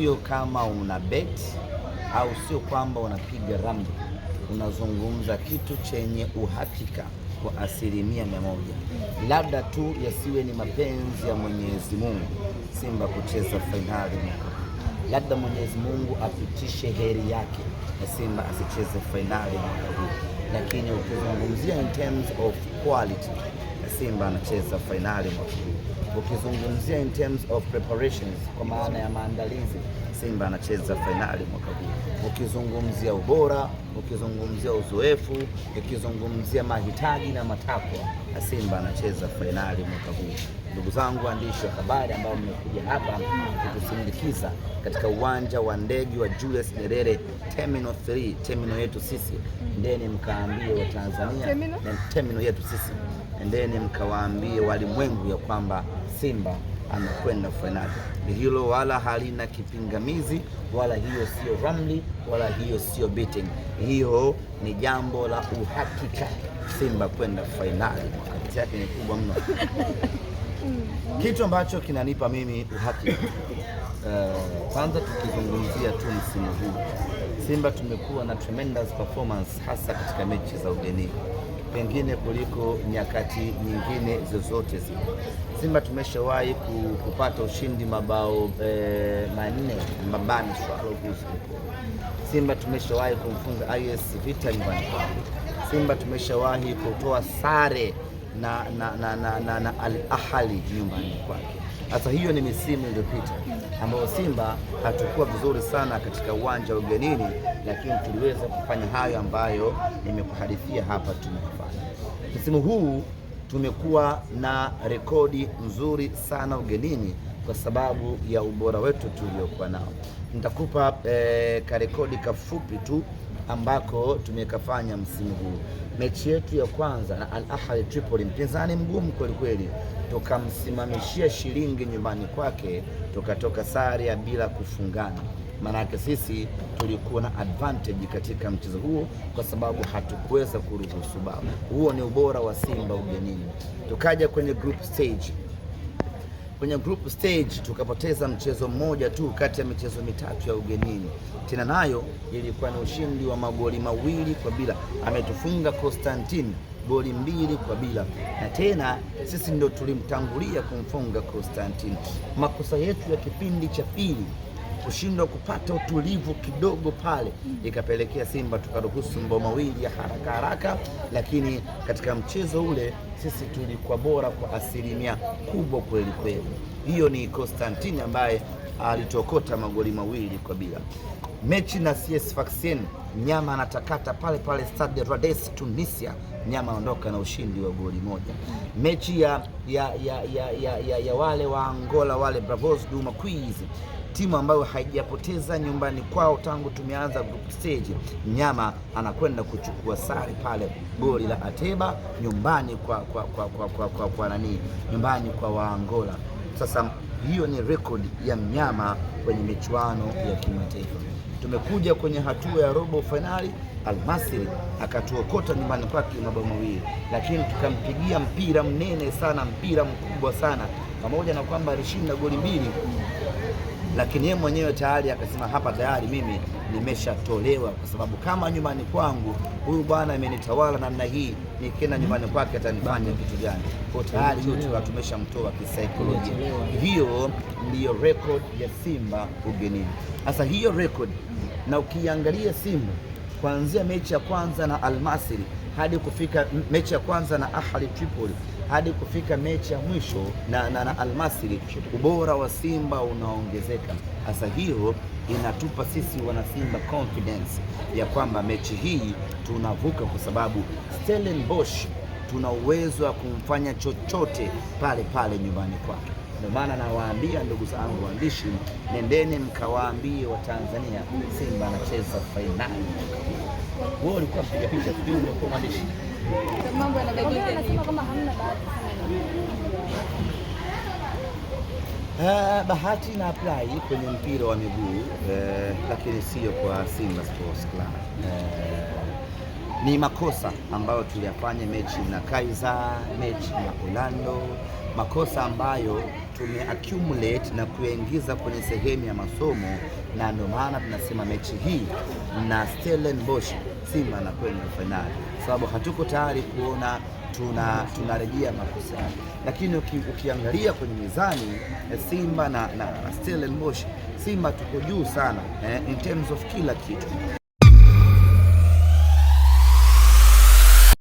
sio kama una bet au sio kwamba unapiga ramli, unazungumza kitu chenye uhakika kwa asilimia mia moja. Labda tu yasiwe ni mapenzi ya Mwenyezi Mungu Simba kucheza fainali mwaka huu, labda Mwenyezi Mungu apitishe heri yake na Simba asicheze fainali mwaka huu, lakini ukizungumzia in terms of quality Simba anacheza fainali mwaka huu. Ukizungumzia in terms of preparations, kwa maana ya maandalizi Simba anacheza fainali mwaka huu. Ukizungumzia ubora, ukizungumzia uzoefu, ukizungumzia mahitaji na matakwa, na Simba anacheza fainali mwaka huu. Ndugu zangu waandishi wa habari ambao mmekuja hapa kutusindikiza katika uwanja wa ndege wa Julius Nyerere Terminal 3, terminal yetu sisi, endeni mkaambie Watanzania na terminal yetu sisi, endeni mkawaambie walimwengu ya kwamba Simba amekwenda fainali. Hilo wala halina kipingamizi, wala hiyo sio ramli, wala hiyo sio betting. Hiyo ni jambo la uhakika. Simba kwenda fainali wakati yake ni kubwa mno. Kitu ambacho kinanipa mimi uhakika eh, kwanza, uh, tukizungumzia tu msimu huu Simba tumekuwa na tremendous performance hasa katika mechi za ugenini pengine kuliko nyakati nyingine zozote zile. Simba tumeshawahi kupata ushindi mabao e, manne mabani swaloguzi. Simba tumeshawahi kumfunga IS Vita nyumbani kwao. Simba tumeshawahi kutoa sare na, na, na, na, na, na Al Ahli nyumbani kwake. Sasa hiyo ni misimu iliyopita ambayo Simba hatukuwa vizuri sana katika uwanja wa ugenini, lakini tuliweza kufanya hayo ambayo nimekuhadithia hapa tumefanya. Msimu huu tumekuwa na rekodi nzuri sana ugenini kwa sababu ya ubora wetu tuliokuwa nao. Nitakupa eh, karekodi kafupi tu ambako tumekafanya msimu huu. Mechi yetu ya kwanza na Al Ahly Tripoli, mpinzani mgumu kweli kweli, tukamsimamishia shilingi nyumbani kwake, tukatoka sare ya bila kufungana. Maanake sisi tulikuwa na advantage katika mchezo huo, kwa sababu hatukuweza kuruhusu bao. Huo ni ubora wa Simba ugenini. Tukaja kwenye group stage Kwenye group stage tukapoteza mchezo mmoja tu kati ya michezo mitatu ya ugenini, tena nayo ilikuwa ni ushindi wa magoli mawili kwa bila. Ametufunga konstantin goli mbili kwa bila, na tena sisi ndio tulimtangulia kumfunga konstantin Makosa yetu ya kipindi cha pili kushindwa kupata utulivu kidogo pale, ikapelekea Simba tukaruhusu mbao mawili ya haraka haraka, lakini katika mchezo ule sisi tulikuwa bora kwa asilimia kubwa kweli kweli. Hiyo ni Constantine ambaye alitokota magoli mawili kwa bila. Mechi na CS Sfaxien, nyama anatakata pale pale Stade Rades Tunisia, nyama anaondoka na ushindi wa goli moja. Mechi ya, ya, ya, ya, ya, ya, ya wale wa Angola wale Bravos du Maquis timu ambayo haijapoteza nyumbani kwao tangu tumeanza group stage. Mnyama anakwenda kuchukua sare pale, goli la Ateba nyumbani kwa kwa kwa kwa, kwa, kwa, kwa nani, nyumbani kwa Waangola. Sasa hiyo ni rekodi ya mnyama kwenye michuano ya kimataifa. Tumekuja kwenye hatua ya robo fainali, Almasiri akatuokota nyumbani kwake mabao mawili, lakini tukampigia mpira mnene sana, mpira mkubwa sana, pamoja na kwamba alishinda goli mbili lakini yeye mwenyewe tayari akasema hapa tayari mimi nimeshatolewa, kwa sababu kama nyumbani kwangu huyu bwana amenitawala namna hii, nikienda nyumbani kwake atanifanya kitu gani? Kwa tayari huyu tuka tumeshamtoa kisaikolojia. Hiyo ndiyo record ya Simba ugenini. Sasa hiyo record na ukiangalia Simba kuanzia mechi ya kwanza na Almasiri hadi kufika mechi ya kwanza na Ahli Tripoli hadi kufika mechi ya mwisho na, na, na Almasiri, ubora wa Simba unaongezeka. hasa hiyo inatupa sisi wanasimba confidence ya kwamba mechi hii tunavuka, kwa sababu Stellenbosch tuna uwezo wa kumfanya chochote pale pale nyumbani kwake. Ndio maana nawaambia ndugu zangu waandishi, nendeni mkawaambie Watanzania Simba anacheza fainali. Wewe ulikuwa mpiga picha tu, kwa mwandishi, mambo yanabadilika. Anasema kama hamna bahati eh, Bahati na apply kwenye mpira wa miguu uh, lakini sio kwa Simba Sports Club uh, ni makosa ambayo tuliyafanya mechi na Kaizer, mechi na Orlando, makosa ambayo tumeaccumulate na kuyaingiza kwenye sehemu ya masomo, na ndio maana tunasema mechi hii na Stellenbosch Simba kwenye fainali, sababu hatuko tayari kuona tuna tunarejea makosa, lakini uki, ukiangalia kwenye mizani eh, Simba na, na, na Stellenbosch Simba tuko juu sana eh, in terms of kila kitu.